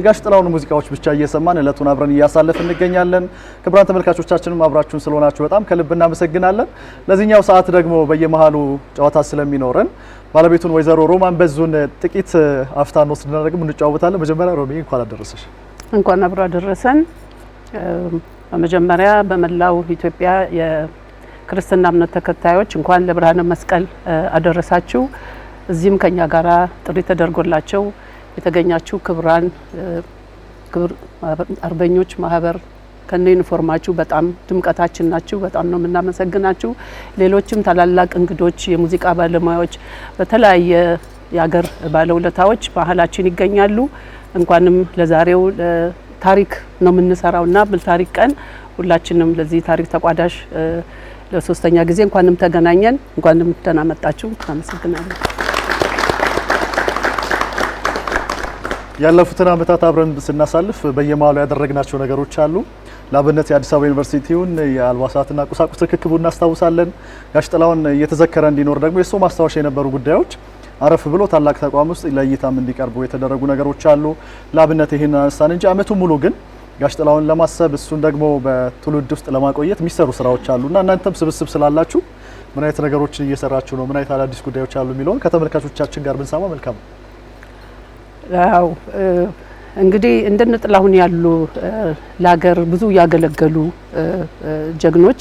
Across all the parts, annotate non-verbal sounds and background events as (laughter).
የጋሽ ጥላውን ሙዚቃዎች ብቻ እየሰማን እለቱን አብረን እያሳለፍ እንገኛለን። ክቡራን ተመልካቾቻችንም አብራችሁን ስለሆናችሁ በጣም ከልብ እናመሰግናለን። ለዚህኛው ሰዓት ደግሞ በየመሃሉ ጨዋታ ስለሚኖረን ባለቤቱን ወይዘሮ ሮማን በዙን ጥቂት አፍታ እንወስድና ደግሞ እንጫወታለን። መጀመሪያ ሮሚ እንኳን አደረሰሽ። እንኳን አብሮ አደረሰን። በመጀመሪያ በመላው ኢትዮጵያ የክርስትና እምነት ተከታዮች እንኳን ለብርሃነ መስቀል አደረሳችሁ። እዚህም ከኛ ጋራ ጥሪ ተደርጎላቸው የተገኛችሁ ክቡራን ክቡር አርበኞች ማህበር ከነ ዩኒፎርማችሁ በጣም ድምቀታችን ናችሁ። በጣም ነው የምናመሰግናችሁ። ሌሎችም ታላላቅ እንግዶች፣ የሙዚቃ ባለሙያዎች፣ በተለያየ የሀገር ባለውለታዎች ባህላችን ይገኛሉ። እንኳንም ለዛሬው ታሪክ ነው የምንሰራውና ታሪክ ቀን ሁላችንም ለዚህ ታሪክ ተቋዳሽ ለሶስተኛ ጊዜ እንኳንም ተገናኘን። እንኳንም ደህና መጣችሁ። አመሰግናለሁ። ያለፉትን ዓመታት አብረን ስናሳልፍ በየማሉ ያደረግናቸው ነገሮች አሉ። ለአብነት የአዲስ አበባ ዩኒቨርሲቲውን የአልባሳትና ቁሳቁስ ርክክቡ እናስታውሳለን። ጋሽ ጥላሁን እየተዘከረ እንዲኖር ደግሞ የእሱ ማስታወሻ የነበሩ ጉዳዮች አረፍ ብሎ ታላቅ ተቋም ውስጥ ለእይታም እንዲቀርቡ የተደረጉ ነገሮች አሉ። ለአብነት ይህን አነሳን እንጂ አመቱ ሙሉ ግን ጋሽ ለማሰብ እሱን ደግሞ በትውልድ ውስጥ ለማቆየት የሚሰሩ ስራዎች እና እናንተም ስብስብ ስላላችሁ ምን አይነት ነገሮችን እየሰራችሁ ነው? ምን አይነት አዳዲስ ጉዳዮች አሉ የሚለውን ከተመልካቾቻችን ጋር ብንሰማ መልካም ነው። አዎ እንግዲህ እንደነ ጥላሁን ያሉ ለሀገር ብዙ ያገለገሉ ጀግኖች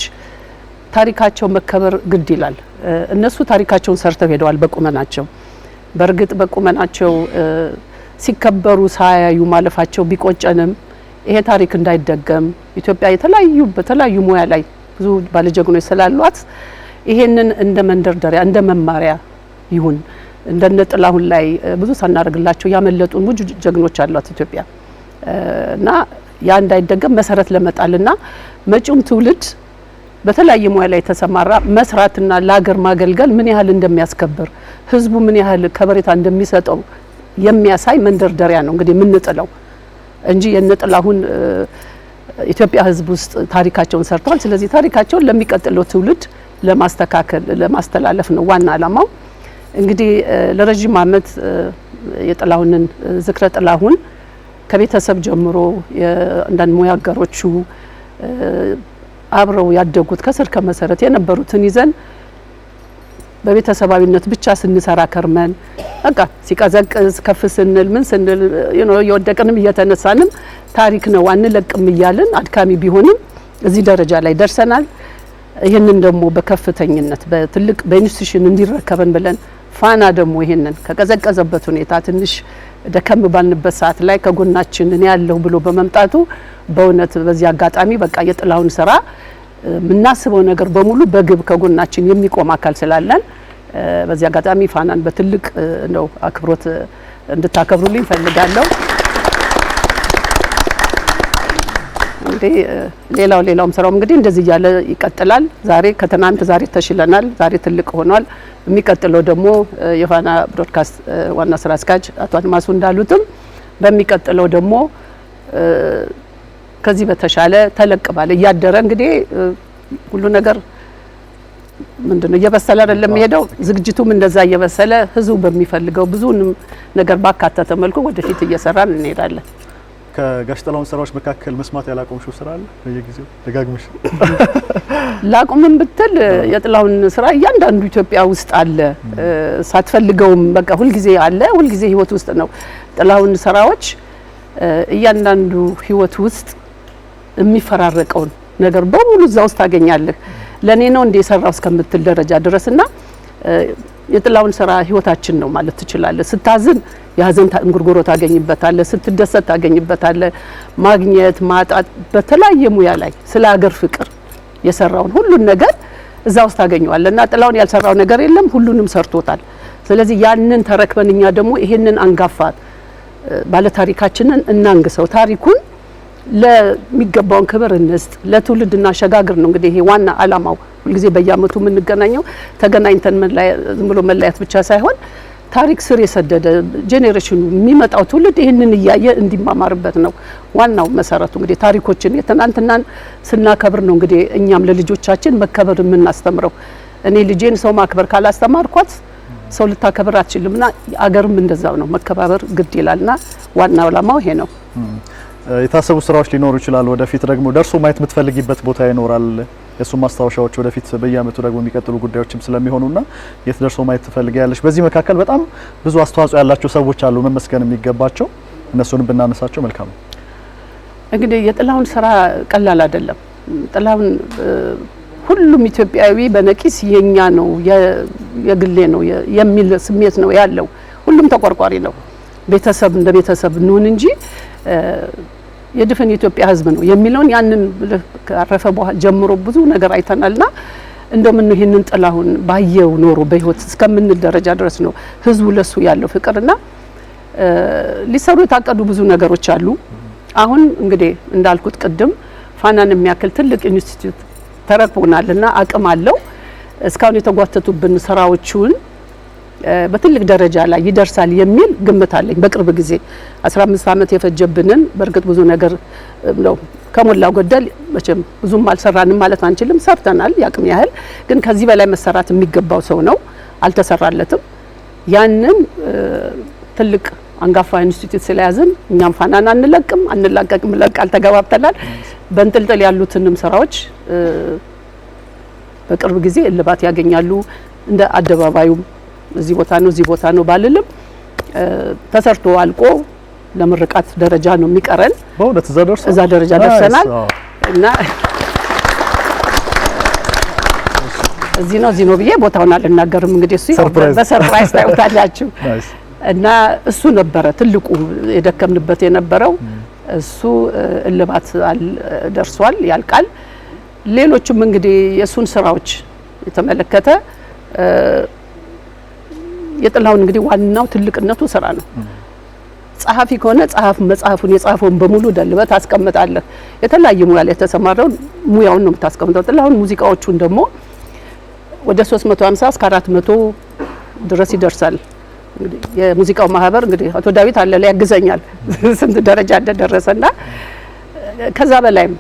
ታሪካቸው መከበር ግድ ይላል። እነሱ ታሪካቸውን ሰርተው ሄደዋል በቁመናቸው። በእርግጥ በቁመናቸው ሲከበሩ ሳያዩ ማለፋቸው ቢቆጨንም ይሄ ታሪክ እንዳይደገም ኢትዮጵያ የተለያዩ በተለያዩ ሙያ ላይ ብዙ ባለጀግኖች ስላሏት ይሄንን እንደ መንደርደሪያ እንደ መማሪያ ይሁን። እንደነ ጥላሁን ላይ ብዙ ሳናደርግላቸው ያመለጡን ብዙ ጀግኖች አሏት ኢትዮጵያ እና ያ እንዳይደገም መሰረት ለመጣልና መጪውም ትውልድ በተለያየ ሙያ ላይ የተሰማራ መስራትና ለሀገር ማገልገል ምን ያህል እንደሚያስከብር ህዝቡ ምን ያህል ከበሬታ እንደሚሰጠው የሚያሳይ መንደርደሪያ ነው እንግዲህ የምንጥለው እንጂ የነጥላሁን ኢትዮጵያ ህዝብ ውስጥ ታሪካቸውን ሰርተዋል። ስለዚህ ታሪካቸውን ለሚቀጥለው ትውልድ ለማስተካከል ለማስተላለፍ ነው ዋና ዓላማው። እንግዲህ ለረዥም ዓመት የጥላሁንን ዝክረ ጥላሁን ከቤተሰብ ጀምሮ አንዳንድ ሙያ አጋሮቹ አብረው ያደጉት ከስር ከመሰረት የነበሩትን ይዘን በቤተሰባዊነት ብቻ ስንሰራ ከርመን በቃ ሲቀዘቅዝ ከፍ ስንል ምን ስንል እየወደቅንም እየተነሳንም ታሪክ ነው አንለቅም እያልን አድካሚ ቢሆንም እዚህ ደረጃ ላይ ደርሰናል። ይህንን ደግሞ በከፍተኝነት በትልቅ በኢንስቲትዩሽን እንዲረከበን ብለን ፋና ደግሞ ይሄንን ከቀዘቀዘበት ሁኔታ ትንሽ ደከም ባልንበት ሰዓት ላይ ከጎናችን እኔ ያለሁ ብሎ በመምጣቱ በእውነት በዚህ አጋጣሚ በቃ የጥላውን ስራ የምናስበው ነገር በሙሉ በግብ ከጎናችን የሚቆም አካል ስላለን በዚህ አጋጣሚ ፋናን በትልቅ ነው አክብሮት እንድታከብሩልኝ ፈልጋለሁ። እንግዲህ ሌላው ሌላውም ስራው እንግዲህ እንደዚህ እያለ ይቀጥላል። ዛሬ ከትናንት ዛሬ ተሽለናል፣ ዛሬ ትልቅ ሆኗል። የሚቀጥለው ደግሞ የፋና ብሮድካስት ዋና ስራ አስኪያጅ አቶ አድማሱ እንዳሉትም በሚቀጥለው ደግሞ ከዚህ በተሻለ ተለቅ ባለ እያደረ እንግዲህ ሁሉ ነገር ምንድነው እየበሰለ አይደለም የሄደው። ዝግጅቱም እንደዛ እየበሰለ ህዝቡ በሚፈልገው ብዙንም ነገር ባካተተ መልኩ ወደፊት እየሰራን እንሄዳለን። ከጋሽ ጥላሁን ስራዎች መካከል መስማት ያላቆምሽው ስራ አለ? በየጊዜው ደጋግመሽ (laughs) ላቁምን ብትል የጥላሁን ስራ እያንዳንዱ ኢትዮጵያ ውስጥ አለ፣ ሳትፈልገውም በቃ ሁልጊዜ አለ፣ ሁልጊዜ ህይወት ውስጥ ነው። ጥላሁን ስራዎች እያንዳንዱ ህይወት ውስጥ የሚፈራረቀውን ነገር በሙሉ እዛ ውስጥ ታገኛለህ። ለእኔ ነው እንደ የሰራው እስከምትል ደረጃ ድረስ እና የጥላሁን ስራ ህይወታችን ነው ማለት ትችላለህ። ስታዝን የሀዘን እንጉርጉሮ ታገኝበታለ፣ ስትደሰት ታገኝበታለ። ማግኘት ማጣት፣ በተለያየ ሙያ ላይ ስለ ሀገር ፍቅር የሰራውን ሁሉን ነገር እዛ ውስጥ ታገኘዋለ እና ጥላውን ያልሰራው ነገር የለም፣ ሁሉንም ሰርቶታል። ስለዚህ ያንን ተረክበን እኛ ደግሞ ይሄንን አንጋፋ ባለታሪካችንን እናንግሰው፣ ታሪኩን ለሚገባውን ክብር እንስጥ፣ ለትውልድ እናሸጋግር ነው እንግዲህ ይሄ ዋና አላማው። ሁልጊዜ በየአመቱ የምንገናኘው ተገናኝተን ዝም ብሎ መለያት ብቻ ሳይሆን ታሪክ ስር የሰደደ ጄኔሬሽኑ የሚመጣው ትውልድ ይህንን እያየ እንዲማማርበት ነው ዋናው መሰረቱ። እንግዲህ ታሪኮችን የትናንትናን ስናከብር ነው እንግዲህ እኛም ለልጆቻችን መከበር የምናስተምረው። እኔ ልጄን ሰው ማክበር ካላስተማርኳት ሰው ልታከብር ና አገርም እንደዛው ነው መከባበር ግድ ና ዋና ዓላማው ይሄ ነው። የታሰቡ ስራዎች ሊኖሩ ይችላል። ወደፊት ደግሞ ደርሶ ማየት የምትፈልጊበት ቦታ ይኖራል። የእሱም ማስታወሻዎች ወደፊት በየአመቱ ደግሞ የሚቀጥሉ ጉዳዮችም ስለሚሆኑና የት ደርሶ ማየት ትፈልጊያለሽ? በዚህ መካከል በጣም ብዙ አስተዋጽኦ ያላቸው ሰዎች አሉ መመስገን የሚገባቸው እነሱንም ብናነሳቸው መልካም ነው። እንግዲህ የጥላሁን ስራ ቀላል አይደለም። ጥላሁን ሁሉም ኢትዮጵያዊ በነቂስ የኛ ነው የግሌ ነው የሚል ስሜት ነው ያለው። ሁሉም ተቆርቋሪ ነው። ቤተሰብ እንደ ቤተሰብ እንሆን እንጂ የድፍን የኢትዮጵያ ህዝብ ነው የሚለውን ያንን ካረፈ በኋላ ጀምሮ ብዙ ነገር አይተናልና እንደምን ነው ይህንን ጥላሁን ባየው ኖሮ በህይወት እስከምንል ደረጃ ድረስ ነው ህዝቡ ለሱ ያለው ፍቅርና ሊሰሩ የታቀዱ ብዙ ነገሮች አሉ። አሁን እንግዲህ እንዳልኩት ቅድም ፋናን የሚያክል ትልቅ ኢንስቲትዩት ተረክቦናልና አቅም አለው። እስካሁን የተጓተቱብን ስራዎቹን በትልቅ ደረጃ ላይ ይደርሳል የሚል ግምት አለኝ። በቅርብ ጊዜ 15 ዓመት የፈጀብንን በእርግጥ ብዙ ነገር ነው ከሞላው ጎደል መቼም ብዙም አልሰራንም ማለት አንችልም። ሰርተናል ያቅም ያህል ግን ከዚህ በላይ መሰራት የሚገባው ሰው ነው አልተሰራለትም። ያንን ትልቅ አንጋፋ ኢንስቲትዩት ስለያዝን እኛም ፋናን አንለቅም አንላቀቅም ብለን ቃል ተገባብተናል። ያሉትንም ስራዎች በቅርብ ጊዜ እልባት ያገኛሉ እንደ አደባባዩም እዚህ ቦታ ነው እዚህ ቦታ ነው ባልልም ተሰርቶ አልቆ ለምርቃት ደረጃ ነው የሚቀረን። በእውነት እዛ ደረጃ ደርሰናል እና እዚህ ነው እዚህ ነው ብዬ ቦታውን አልናገርም። እንግዲህ እሱ በሰርፕራይዝ ታዩታላችሁ። (laughs) እና እሱ ነበረ ትልቁ የደከምንበት የነበረው እሱ እልባት ደርሷል፣ ያልቃል። ሌሎችም እንግዲህ የእሱን ስራዎች የተመለከተ የጥላሁን እንግዲህ ዋናው ትልቅነቱ ስራ ነው። ጸሐፊ ከሆነ ጸሐፍ መጽሐፉን የጻፈውን በሙሉ ደልበት ታስቀምጣለህ። የተለያየ ሙያ ላይ የተሰማራውን ሙያውን ነው የምታስቀምጠው። ጥላሁን ሙዚቃዎቹን ደግሞ ወደ 350 እስከ 400 ድረስ ይደርሳል። እንግዲህ የሙዚቃው ማህበር እንግዲህ አቶ ዳዊት አለ ላይ ያግዘኛል (laughs) ስንት ደረጃ እንደደረሰና ከዛ በላይም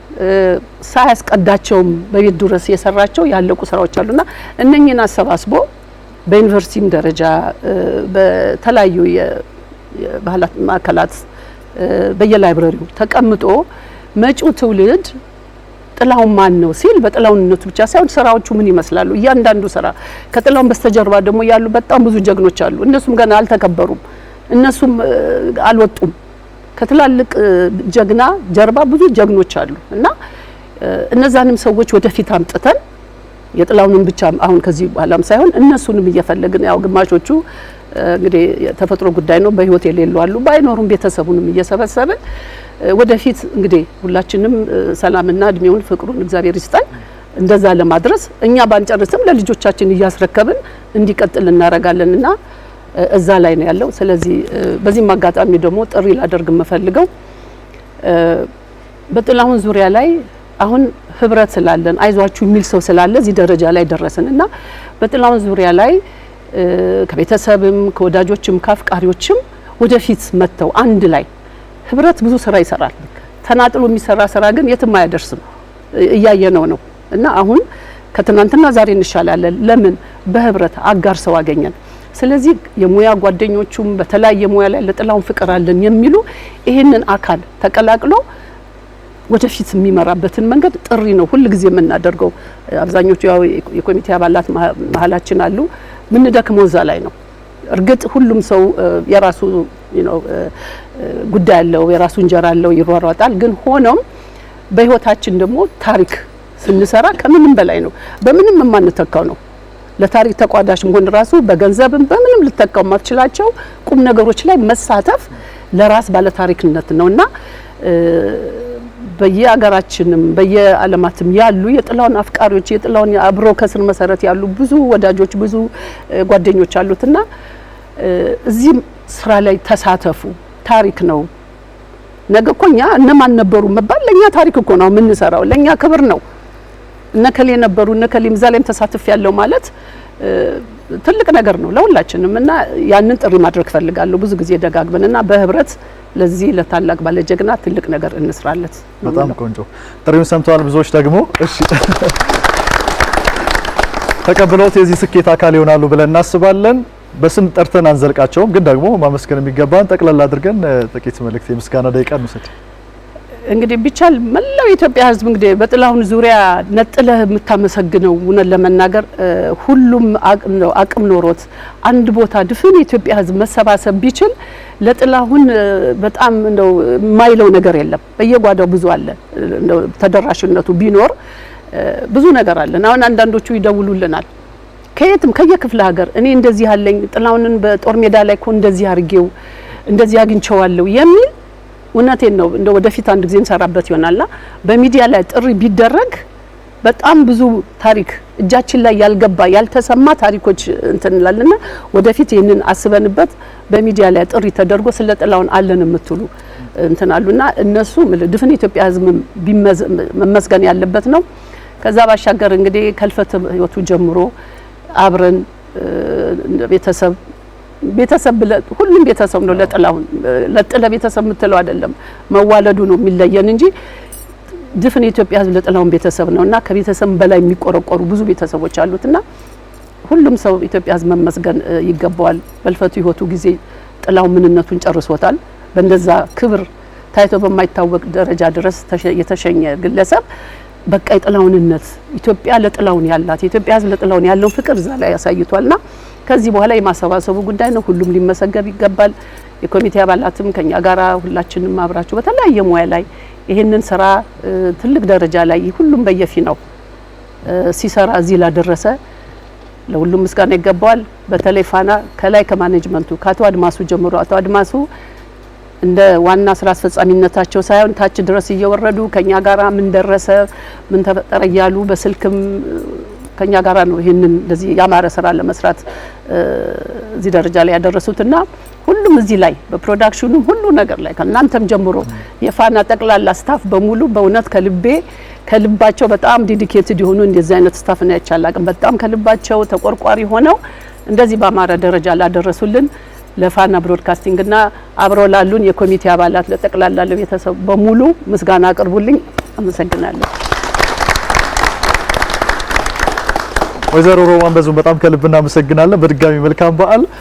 ሳያስቀዳቸውም በቤት ድረስ የሰራቸው ያለቁ ስራዎች አሉና እነኚህን አሰባስቦ በዩኒቨርሲቲም ደረጃ በተለያዩ የባህላት ማዕከላት በየላይብረሪው ተቀምጦ መጪው ትውልድ ጥላውን ማን ነው ሲል በጥላውንነቱ ብቻ ሳይሆን ስራዎቹ ምን ይመስላሉ፣ እያንዳንዱ ስራ ከጥላውን በስተጀርባ ደግሞ ያሉ በጣም ብዙ ጀግኖች አሉ። እነሱም ገና አልተከበሩም፣ እነሱም አልወጡም። ከትላልቅ ጀግና ጀርባ ብዙ ጀግኖች አሉ እና እነዛንም ሰዎች ወደፊት አምጥተን የጥላውንም ብቻ አሁን ከዚህ በኋላም ሳይሆን እነሱንም እየፈለግን ያው ግማሾቹ እንግዲህ የተፈጥሮ ጉዳይ ነው፣ በህይወት የሌሉ አሉ። ባይኖሩም ቤተሰቡንም እየሰበሰብን ወደፊት እንግዲህ ሁላችንም ሰላምና እድሜውን ፍቅሩን እግዚአብሔር ይስጣል እንደዛ ለማድረስ እኛ ባንጨርስም ለልጆቻችን እያስረከብን እንዲቀጥል እናደርጋለን እና እዛ ላይ ነው ያለው። ስለዚህ በዚህም አጋጣሚ ደግሞ ጥሪ ላደርግ የምፈልገው በጥላሁን ዙሪያ ላይ አሁን ህብረት ስላለን አይዟችሁ የሚል ሰው ስላለ እዚህ ደረጃ ላይ ደረስን እና በጥላሁን ዙሪያ ላይ ከቤተሰብም ከወዳጆችም ከአፍቃሪዎችም ወደፊት መጥተው አንድ ላይ ህብረት ብዙ ስራ ይሰራል። ተናጥሎ የሚሰራ ስራ ግን የትም አያደርስም። እያየነው ነው እና አሁን ከትናንትና ዛሬ እንሻላለን። ለምን በህብረት አጋር ሰው አገኘን። ስለዚህ የሙያ ጓደኞቹም በተለያየ ሙያ ላይ ለጥላሁን ፍቅር አለን የሚሉ ይህንን አካል ተቀላቅሎ ወደፊት የሚመራበትን መንገድ ጥሪ ነው ሁል ጊዜ የምናደርገው። አብዛኞቹ ያው የኮሚቴ አባላት መሀላችን አሉ። ምንደክመው እዛ ላይ ነው። እርግጥ ሁሉም ሰው የራሱ ጉዳይ አለው፣ የራሱ እንጀራ አለው፣ ይሯሯጣል። ግን ሆኖም በህይወታችን ደግሞ ታሪክ ስንሰራ ከምንም በላይ ነው፣ በምንም የማንተካው ነው። ለታሪክ ተቋዳሽ መሆን ራሱ በገንዘብም በምንም ልተካው ማትችላቸው ቁም ነገሮች ላይ መሳተፍ ለራስ ባለታሪክነት ነው እና በየአገራችንም በየዓለማትም ያሉ የጥላውን አፍቃሪዎች የጥላውን አብሮ ከስር መሰረት ያሉ ብዙ ወዳጆች ብዙ ጓደኞች እና እዚህም ስራ ላይ ተሳተፉ። ታሪክ ነው። ነገ እኮ እኛ እነማን ነበሩ መባል ለእኛ ታሪክ እኮ ነው የምንሰራው፣ ለእኛ ክብር ነው። እነከሌ ነበሩ እነከሌ እዛ ላይም ተሳትፍ ያለው ማለት ትልቅ ነገር ነው ለሁላችንም። እና ያንን ጥሪ ማድረግ ፈልጋለሁ ብዙ ጊዜ ደጋግመን እና በህብረት ለዚህ ለታላቅ ባለጀግና ትልቅ ነገር እንስራለት። በጣም ቆንጆ ጥሪውን ሰምተዋል። ብዙዎች ደግሞ እሺ ተቀብለውት የዚህ ስኬት አካል ይሆናሉ ብለን እናስባለን። በስም ጠርተን አንዘልቃቸውም፣ ግን ደግሞ ማመስገን የሚገባን ጠቅላላ አድርገን ጥቂት መልእክት የምስጋና ደቂቃ እንውሰድ። እንግዲህ ቢቻል መላው የኢትዮጵያ ሕዝብ እንግዲህ በጥላሁን ዙሪያ ነጥለህ የምታመሰግነው እውነት ለመናገር ሁሉም አቅም ኖሮት አንድ ቦታ ድፍን የኢትዮጵያ ሕዝብ መሰባሰብ ቢችል ለጥላሁን በጣም እንደው የማይለው ነገር የለም። በየጓዳው ብዙ አለ። እንደው ተደራሽነቱ ቢኖር ብዙ ነገር አለን። አሁን አንዳንዶቹ ይደውሉልናል ከየትም ከየክፍለ ሀገር እኔ እንደዚህ አለኝ ጥላሁንን በጦር ሜዳ ላይ እኮ እንደዚህ አርጌው እንደዚህ አግኝቸዋለሁ የሚል እውነቴን ነው። እንደ ወደፊት አንድ ጊዜ እንሰራበት ይሆናልና በሚዲያ ላይ ጥሪ ቢደረግ በጣም ብዙ ታሪክ እጃችን ላይ ያልገባ ያልተሰማ ታሪኮች እንትንላልና ወደፊት ይህንን አስበንበት በሚዲያ ላይ ጥሪ ተደርጎ ስለ አለን የምትሉ እንትናሉና እነሱ ድፍን ኢትዮጵያ ህዝብ መመስገን ያለበት ነው። ከዛ ባሻገር እንግዲህ ከልፈት ህይወቱ ጀምሮ አብረን ቤተሰብ ቤተሰብ ሁሉም ቤተሰብ ነው። ለጥላሁን ለጥለ ቤተሰብ የምትለው አይደለም መዋለዱ ነው የሚለየን እንጂ ድፍን የኢትዮጵያ ህዝብ ለጥላውን ቤተሰብ ነው እና ከቤተሰብ በላይ የሚቆረቆሩ ብዙ ቤተሰቦች እና ሁሉም ሰው ኢትዮጵያ ህዝብ መመስገን ይገባዋል። በልፈቱ ይወቱ ጊዜ ጥላው ምንነቱን ጨርሶታል። በእንደዛ ክብር ታይቶ በማይታወቅ ደረጃ ድረስ የተሸኘ ግለሰብ በቃ የጥላሁንነት ኢትዮጵያ ለጥላውን ያላት የኢትዮጵያ ህዝብ ለጥላውን ያለው ፍቅር እዛ ላይ ያሳይቷልና ከዚህ በኋላ የማሰባሰቡ ጉዳይ ነው። ሁሉም ሊመሰገብ ይገባል። የኮሚቴ አባላትም ከኛ ጋራ ሁላችንም አብራችሁ በተለያየ ሙያ ላይ ይህንን ስራ ትልቅ ደረጃ ላይ ሁሉም በየፊ ነው ሲሰራ እዚህ ላደረሰ ለሁሉም ምስጋና ይገባዋል። በተለይ ፋና ከላይ ከማኔጅመንቱ ከአቶ አድማሱ ጀምሮ አቶ አድማሱ እንደ ዋና ስራ አስፈጻሚነታቸው ሳይሆን ታች ድረስ እየወረዱ ከኛ ጋራ ምን ደረሰ ምን ተፈጠረ እያሉ በስልክም ከኛ ጋራ ነው ይህንን ለዚህ ያማረ ስራ ለመስራት እዚህ ደረጃ ላይ ያደረሱትና ሁሉም እዚህ ላይ በፕሮዳክሽኑም ሁሉ ነገር ላይ ከእናንተም ጀምሮ የፋና ጠቅላላ ስታፍ በሙሉ በእውነት ከልቤ ከልባቸው በጣም ዴዲኬትድ የሆኑ እንደዚህ አይነት ስታፍ ነው ያቻላቅም በጣም ከልባቸው ተቆርቋሪ ሆነው እንደዚህ በአማረ ደረጃ ላደረሱልን ለፋና ብሮድካስቲንግና አብረው ላሉን የኮሚቴ አባላት ለጠቅላላ ለቤተሰብ በሙሉ ምስጋና አቅርቡልኝ። አመሰግናለሁ። ወይዘሮ ሮማን በዙም በጣም ከልብ እናመሰግናለን። በድጋሚ መልካም በዓል